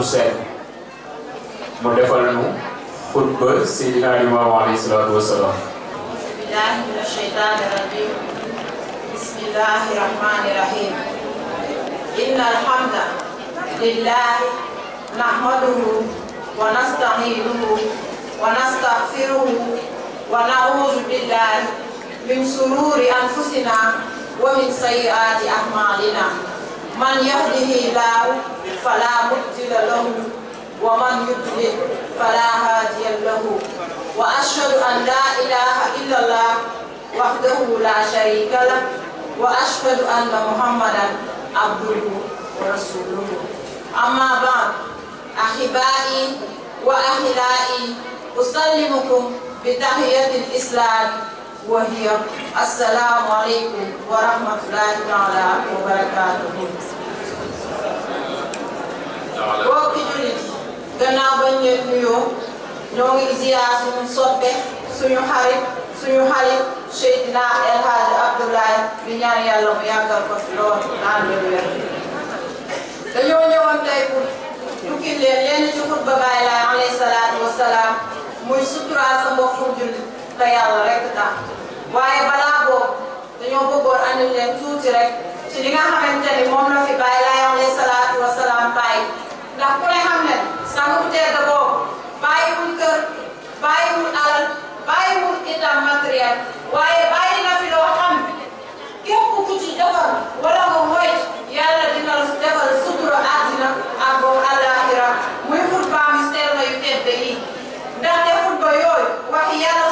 Fatou Seen mu defal nu xutba Seydina Limaamu alayhi salaatu wa salaam billahi min asheytaani rajim bismillahi rahmani rahim inna alhamda lillahi nahmaduhu wa nasta'iinuhu wa nastaghfiruhu wa na'uudu billahi min sururi anfusina wa min sayyi'aati a'maalina من يهده الله فلا مضل له ومن يضلل فلا هادي له واشهد ان لا اله الا الله وحده لا شريك له واشهد ان محمدا عبده ورسوله اما بعد احبائي واهلائي اسلمكم بتحيه الاسلام وهي السلام عليكم ورحمه الله تعالى وبركاته bokk jullit gannaaw bañ leen nuyoo ñoo ngi ziyaar suñu soppe suñu xarit suñu xarit Seydina El Hadji Abdoulaye bi ñaan yàlla mu yàggal ko fi lool naan leen wér dañoo ñëwoon tey pour tukki leen leen ci xutba Baay Laay alayhi salaatu wasalaam muy suturaal sa mbokku jullit te yàlla rek tax waaye balaa boobu dañoo bëggoon andil leen tuuti rek ci li nga xamante ni moom la fi Baay Laay alayhi salaatu wasalaam bàyyi ndax ku ne xam ne sangu tedd boobu bàyyiwul kër bàyyiwul alal bàyyiwul itam matériel waaye bàyyi na fi loo xam képp ku ci defar wala nga moy yàlla dina la defal sutura àddina ak boobu àllaaxira muy xutba yu sell yu tedd yi ndaxte xutba yooyu wax yàlla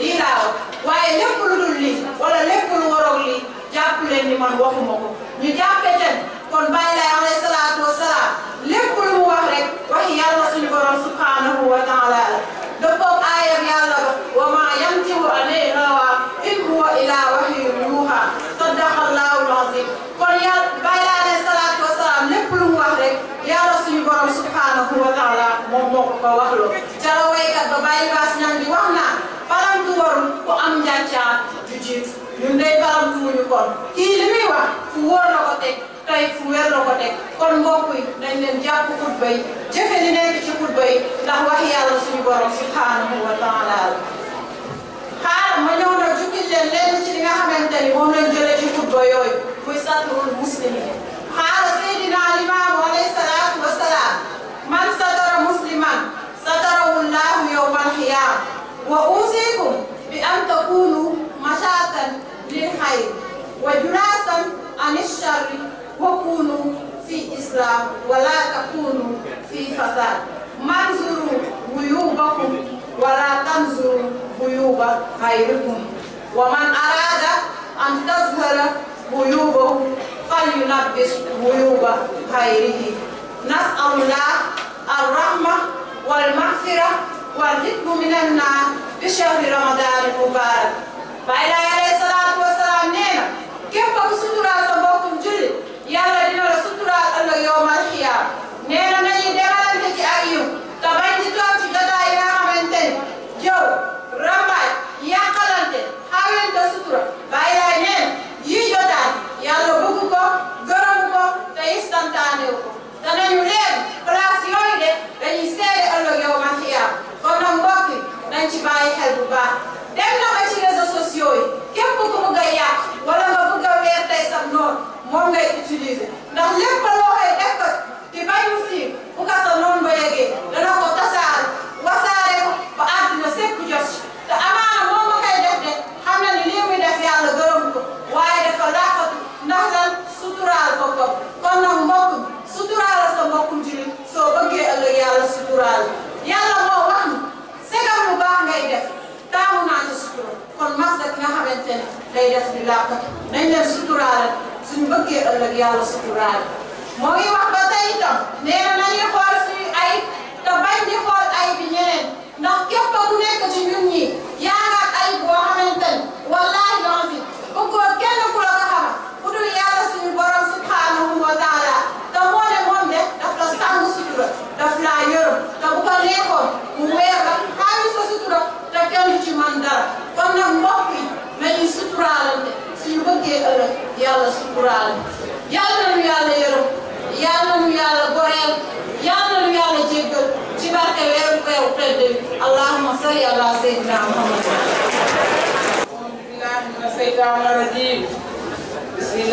lii laa wax waaye lépp lu dul lii wala lépp lu waroog lii jàpp leen ni man waxuma ko ñu jàppee ten kon bàyyi lay alayhi salaatu wa salaam lépp lu mu wax rek waxi yàlla suñu borom subhanahu wa taala la dëppoog aayam yàlla ba wa ma yantiqu anil hawa in huwa illa wahyun yuuhaa sadaqa allaahul aziim kon yàlla bàyyi lay alayhi salaatu wa salaam lépp lu mu wax rek yàlla suñu borom subhanahu wa taala moom moo ko ko waxloo ca la waykat ba bàyyi baas ñaan di wax na kon ku am njàccaa du jiitu ñun day baal duuñu kon kii li muy fu wóor la ko teg fu wér la ko teg kon mbokk yi nañ leen jàpp xutba yi jëfe li nekk ci xutba yi ndax wax yàlla suñu borom subhaanahu wa taala xaar ma ñëw na jukkil leen lenn ci li nga xamante ni moom lañ jëlee ci xutba yooyu muy satrul muslimin xaar seydina limaamu alayhi salaatu wa salaam man satara musliman satarahu llaahu yawmal qiyaama wa uusiikum بأن تكونوا مشاة للخير وجراسا عن الشر وكونوا في إسلام ولا تكونوا في فساد منظروا غيوبكم ولا تنظروا غيوب غيركم ومن أراد أن تظهر غيوبه فليلبس غيوب غيره نسأل الله الرحمة والمغفرة والحكم من النار بشهر رمضان المبارك وإلى ci bàyyi xel bu dem na ba ci réseaux sociaux yi képp ku bëgg a yàq wala nga bëgg a weer tey sax noonu moom ngay utiliser ndax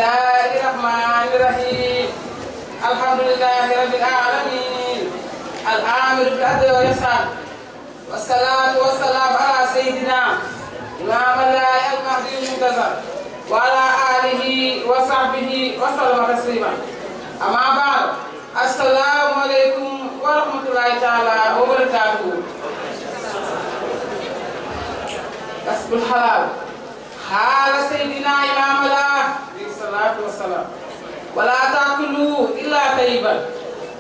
الله الرحمن الرحيم الحمد لله رب العالمين الآمر بالعدل والإحسان والصلاة والسلام على سيدنا إمام الله المهدي المنتظر وعلى آله وصحبه وسلم تسليما أما بعد السلام عليكم ورحمة الله تعالى وبركاته كسب الحلال حال سيدنا إمام الله والسلام ولا تأكلوا إلا طيبا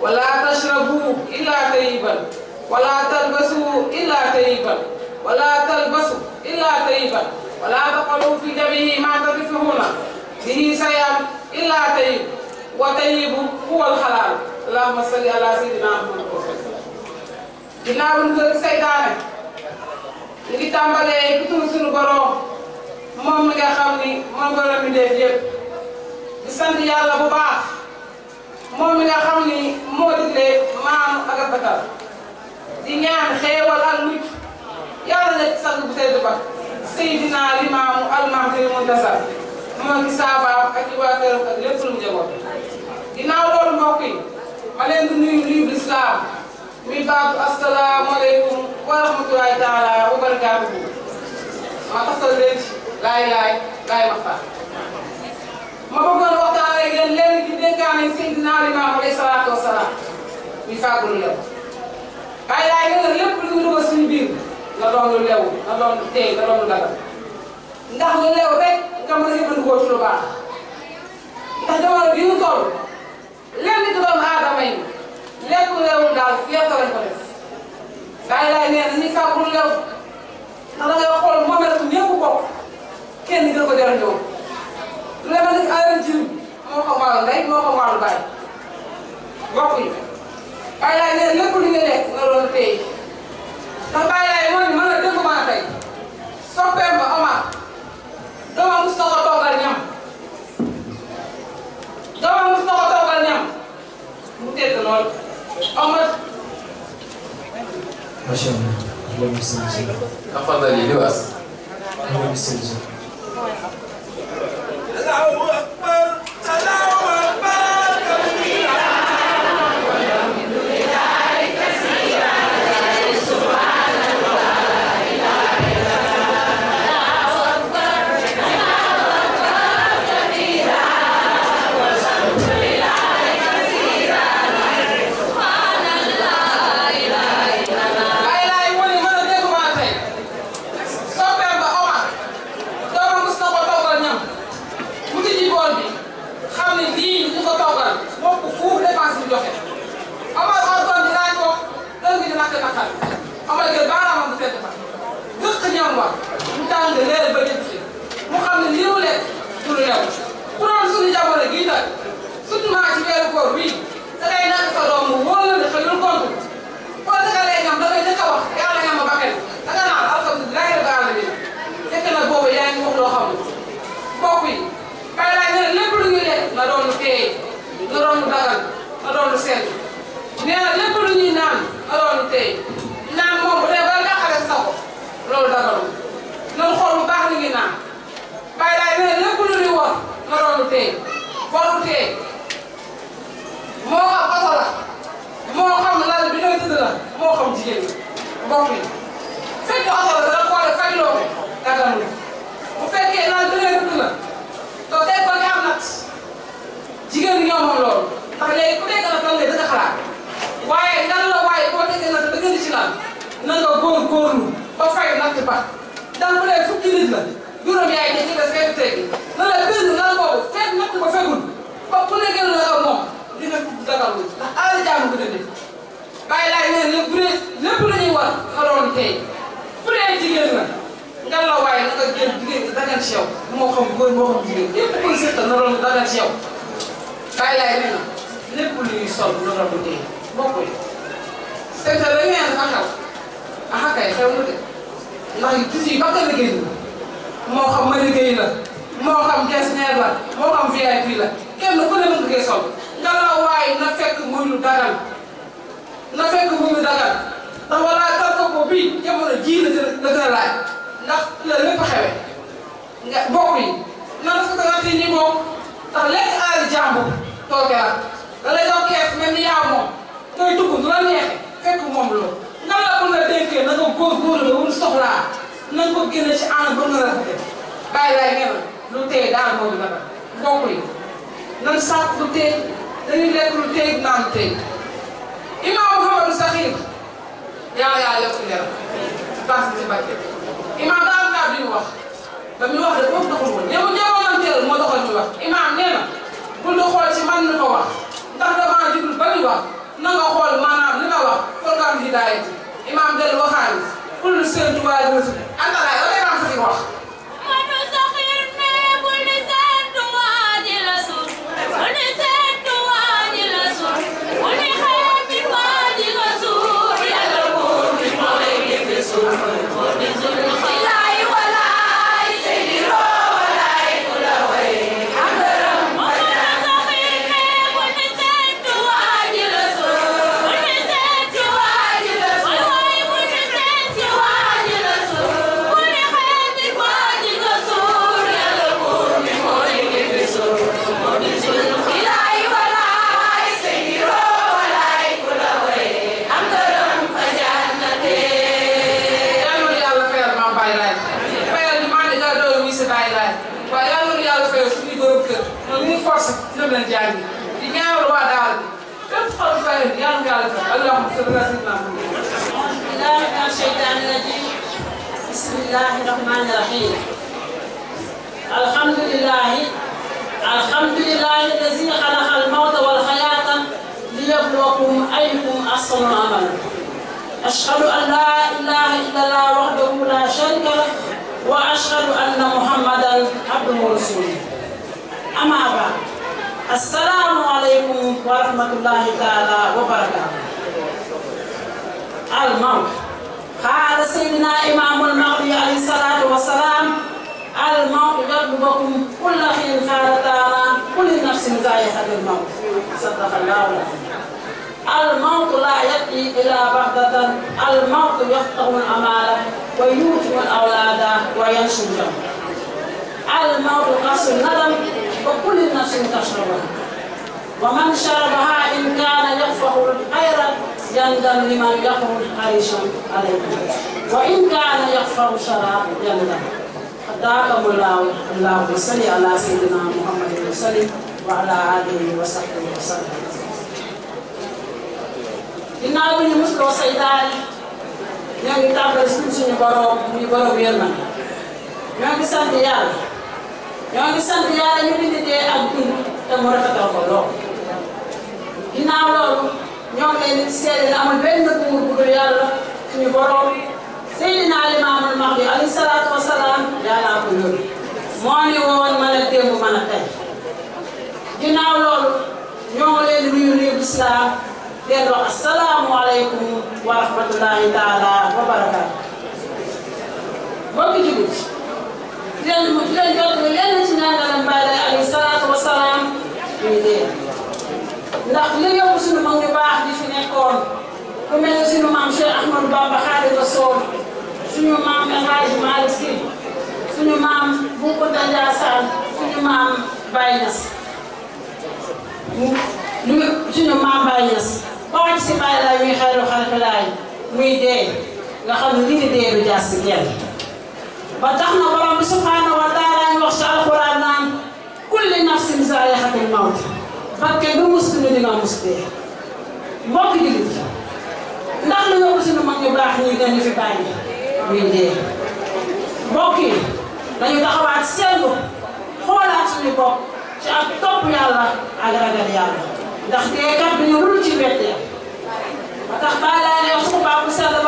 ولا تشربوا إلا طيبا ولا تلبسوا إلا طيبا ولا تلبسوا إلا طيبا ولا تقعدوا في جبهه ما تدفعون به شيئا إلا طيب وطيب هو الحلال اللهم صل على سيدنا محمد وسلم ginnaaw ñu gën seytaane ñu ngi tàmbalee ku tuur suñu borom moom mi nga xam ni moom borom mi def yëpp sant yàlla bu baax moom mi nga xam ni moo digle maam ak rafetal di ñaan xéewal ak mucc yàlla nekk sant bu tedd ba Seydina Limaamu Almahdi Muntasar moo ngi saabaam ak i waa këram ak lépp lu mu jagoon ma leen di nuyu nuyu lislaam mi baatu asalaamaaleykum wa rahmatulahi taala wa ma tasal leen ci laay laay laay waxtaan ma bëggoon waxtaan ak yéen léegi di dénkaane Seydina Limaamu alayhi salaatu wa salaam ñu fàggul lew bàyyi laay nga lépp lu ñu dugal suñu biir nga doon lu lew nga doon lu tey nga doon lu dagal ndax lu lew rek nga mën a jëfandikoo ci lu baax ndax jamono bi ñu toll lenn ci doomu aadama yi lépp lu lewul daal fekk lañ ko def bàyyi laay nee na ñu fàggul lew ndax da ngay xool moom la ñëpp bokk kenn gën ko jëriñoo lu ne ma ne alal jiw moo xam wàllu ndey moo xam wàllu baay bokk yi Baye Laye nee na lépp lu ñu nekk nga doon téye ndax Baye Laye moo ne mën na dégg maa tey soppeem ba Omar doomam mu soog a toogal ñam doomam mu soog a toogal ñam mu tedd lool Omar. macha allah. alhamdulilah. kan de leer ba dem ci mu xam ne lii mu lekk du lu lew Quran suñu jamono gii nag surtout maa ci weeru koor bii da ngay nekk sa doom mu wóor la ne xelul kontu boo dagalee ñam da ngay njëkk a wax yàlla ñam ma bakkel da nga naan alhamdulilahi rabbil alamin fekk na boobu yaa ngi wax loo xam mbokk yi kay laa ñu ne lépp lu ñuy lekk na doon lu teey na doon lu dagal na doon lu sedd nee na lépp lu ñuy naan na doon lu teey tey boobu tey moo xam oto la moo xam bi nga tëdd la moo xam jigéen la mbokk yi fekk oto la danga xoole faj loo ko daganul bu fekkee lal bi nga tëdd la to tey ko nga am nat jigéen ñoo moom loolu ndax léegi ku nekk nag lan ngay dëgg xalaat waaye lan la waaye boo nekkee nag dëgg ci lal na ba fay natt ba dal la juróom yaay te ñu des benn tey bi nan la benn nan boobu fekk natt ba fekkul ba ku ne gën la ko moom dina dugg Dakar wu ndax alal jaamu ko dëndee bàyyi laay leen lépp bu dee lépp la ñuy war nga doon tey bu dee jigéen la nga la waaye na nga génn jigéen ñi dagan ci yow moo xam góor moo xam jigéen lépp koy seetal na doon dagan ci yow bàyyi laay nee na lépp lu ñuy sol na doon bu dee bokkul secteur da ngeen a xew a xakay xew na de ndax gis yi bakkan la génn moo xam maliggéey la moo xam gestionnaire la moo xam VIP la kenn ku ne mën nga koy sol na fekk muy lu na fekk muy lu dagal ndax walaay tarko ko bii jamono jii la la gën a laaj ndax la lépp xewe nga bokk yi na la fekk ràtte ñi moom ndax lekk aari jàmbur tooke la da lay doon kees mel ni yaa moom ngay dugg du la neexee fekk moom loolu nga la mën a dénkee na nga góor góor la wun soxlaa na ko génne ci anam ba mu rafetee bàyyi laay ngeen lu tey daan boobu la mbokk yi nan sàkk lu tey dañuy lekk lu tey naan lu tey imaam Mouhamadou Sakhir yàlla yaa lekk leeram baax ci barke imaam daan kaa duñu wax ba muy wax de foofu doxul woon ñëw ñëwoon teel moo doxal ñu wax imaam nee na bul di xool ci man mi ko wax ndax damaa jublu ba ñu wax na nga xool maanaam li nga wax programme bi daayet imaam dellu waxaalis ku dul Sëriñ Tuubaa dina si ne Anta Ndaa yow day wax. بسم الله الرحمن الرحيم الحمد لله الحمد لله الذي خلق الموت والحياة ليبلوكم أيكم أحسن عملا أشهد أن لا إله إلا الله وحده لا شريك له وأشهد أن محمدا عبده ورسوله أما بعد السلام عليكم ورحمة الله تعالى وبركاته الموت قال سيدنا إمام المهدي عليه الصلاة والسلام الموت يطلبكم كل حين قال تعالى كل نفس ذائقة الموت صدق الله العظيم الموت لا يأتي إلا بغتة الموت يفتح الأمال ويوتم الأولاد وينشر الموت قص الندم وكل نفس تشربه ومن شربها إن كان يفهم خيرا يندم لمن يفهم عريشا عليه وإن كان يفهم شرا يندم حداكم الله الله وصلي على سيدنا محمد وسلم وعلى آله وصحبه وسلم ginnaaw bi ñu musloo saytaan ñoo ngi tàmbali suñ suñu borom muy borom ñoo ngi sant yàlla ñu ngi te mu rafetal ko lool ginnaaw loolu ñoo ngi di seede amul benn buur bu dul yàlla suñu borom Seydina Limaamul Mahdi alayhi salaatu wa salaam yàllaa ko yónni moo ni woon mën a démb mën a tey ginnaaw loolu ñoo leen di nuyu nuyu islaam leen wax asalaamualeykum taala wa barakaatu mbokki jugut لأنه لن يقضي لن يتناغل بعد عليه الصلاة والسلام ndax li yóbbu suñu mag ñu baax di fi nekkoon ku mel ni suñu maam Cheikh Ahmadou Bamba Xaadimu Rasuul suñu maam El Hadj Malick Sy suñu maam Boukounta Ndiassane suñu maam Baye Niass lu suñu maam Baye Niass ba wàcc si Baye laay ñuy xayru xalqi laay muy dee nga xam ne li ñu dee du jaas si kenn فتحنا برب سبحانه وتعالى ان يخشى القران كل نفس زائحه الموت فكي بمسلم لما مسلم موك جلد نحن نرسل من يباح نيجان في باني من دي موك لا يدخل على السلم خولات من بوك شعب طب يالا على رجال يالا دخل يكب من يرول جبتة فتخبال لأن يخصب عبو سادة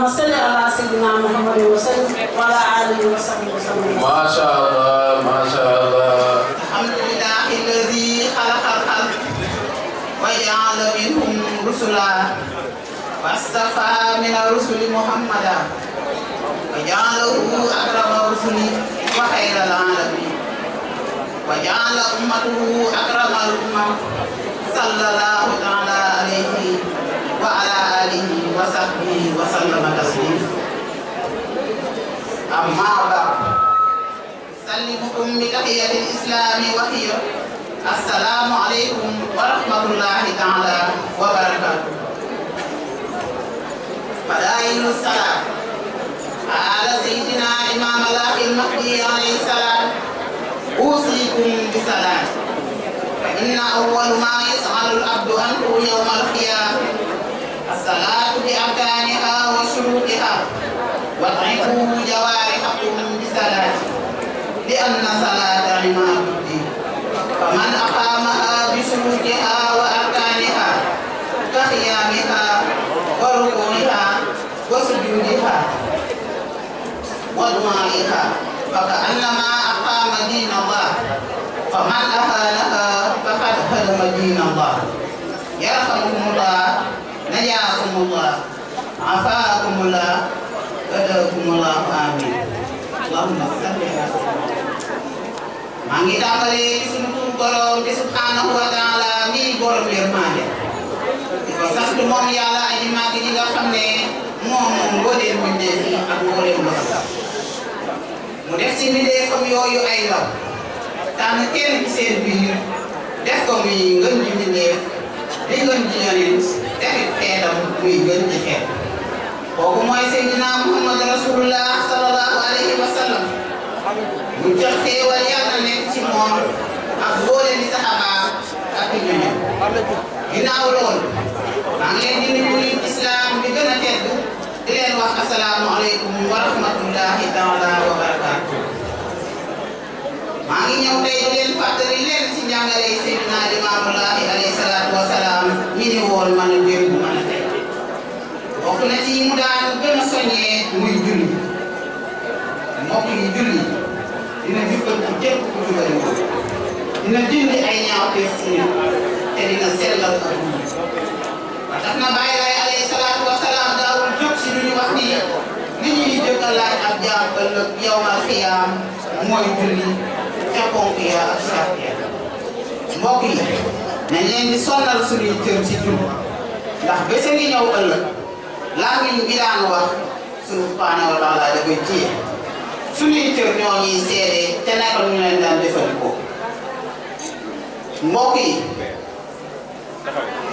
اللهم صل على سيدنا محمد وسلم وعلى آله وصحبه وسلم ما شاء الله ما شاء الله الحمد لله الذي خلق الخلق وجعل منهم رسلا واصطفى من الرسل محمدا وجعله أكرم الرسل وخير العالمين وجعل أمته أكرم الأمم صلى الله تعالى عليه وعلى آله وصحبه وسلم أما بعد سلمكم بتحية الإسلام وهي السلام عليكم ورحمة الله تعالى وبركاته فدائل السلام على سيدنا إمام الله المهدي عليه السلام أوصيكم بسلام فإن أول ما يسأل العبد عنه يوم القيامة الصلاة بأركانها وشروطها Wa'ibu jawari hakum misalat Di anna salat alimah abdi Faman akama abisuhiha wa arkaniha Kahiyamiha wa rukuniha Wa sujudiha Wa dumaiha Faka annama akama din Allah Faman ahalaha Fakat halama din Allah Ya Allah Najakumullah Afakumullah sadarakumullahu amin allahumma salli maa ngi tàmbalee ci sunu tur borom bi subhanahu wa taala mi borom yërmande di ko sant moom yàlla aji màgg ji nga xam ne moom moom mbooleem mbindeef yi ak mbooleem ba mu def ci mbindeefam yooyu ay law tànn kenn ci seen biir def ko muy ngën ji mbindeef di ngën ji yonent defit xeetam muy ngën ji xeet kooku mooy Seydina Muhammad Rasulullah sallallahu alayhi wa mu jox xéewal yàlla ci moom ak boole ni saxaaba ak ñoom ginnaaw loolu maa ngi leen di nuyu islam bi gën a tedd wax asalaamu aleykum wa rahmatullahi taala wa barakaatu maa ngi ñëw tey di leen fàttali leen ci njàngale Seydina alayhi salaatu wa mi ni woon man a démb man bokk na ci mu daan gën a soññee muy julli yi julli ku képp ku jubali dina dindi ay ñaawteef ci nit te dina sellal ak dund ba tax na bàyyi ñu wax ni li ñuy jëkk a laaj ak jaam ëllëg yawmal mooy julli ca ponk ya ak sart ya mbokk yi nañ leen di sonal suñuy cër ci ndax bés a ngi ñëw ëllëg làmmiñ bi daan wax suñu subhaanahu wa taala da suñuy cër ñoo ñuy te naka ñu leen daan jëfandikoo mbokk yi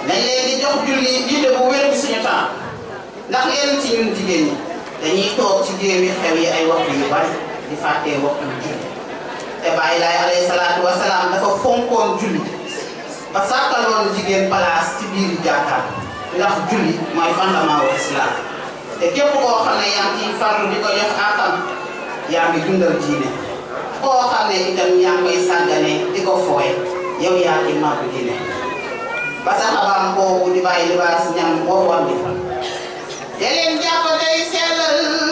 nañ leen di jox julli jiite bu wér bi suñu temps ndax leen ci ñun jigéen ñi dañuy toog ci géewi xew yi ay waxtu yu bari di fàttee waxtu julli te bàyyi laay alayhi salaatu wa dafa fonkoon julli ba sàkkaloon jigéen place ci biir jàkkaar ndax julli mooy fondement wu islam te képp koo xam ne yaa ngi di ko jox àqam yaa ngi dundal diine koo xam ne itam yaa ngi koy sàggane di ko fooye yow yaa ngi màgg diine ba sa xabaam boobu di bàyyi libaas ñam boo wàllu. te leen jàpp tey sellal.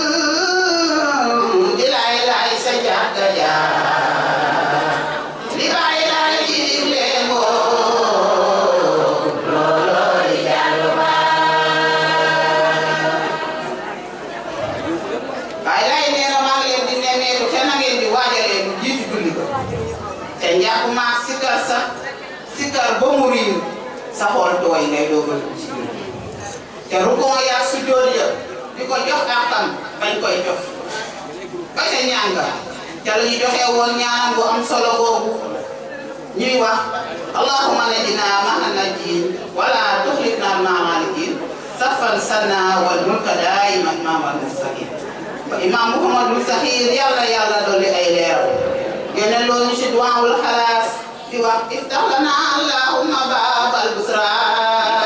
sa sika bomuri sahol to ay ngay do ruko ya sujud kan kan ya ko yo atan bañ koy jox ba ca nya am solo ni wa allahumma najina ma najin la tuhlikna ma malikin safar sana wal mulka daiman ma mal imam muhammad mustaqim ya Allah doli ay leer yene lolu ci du'a khalas di wax istax lana allahumma baabal busra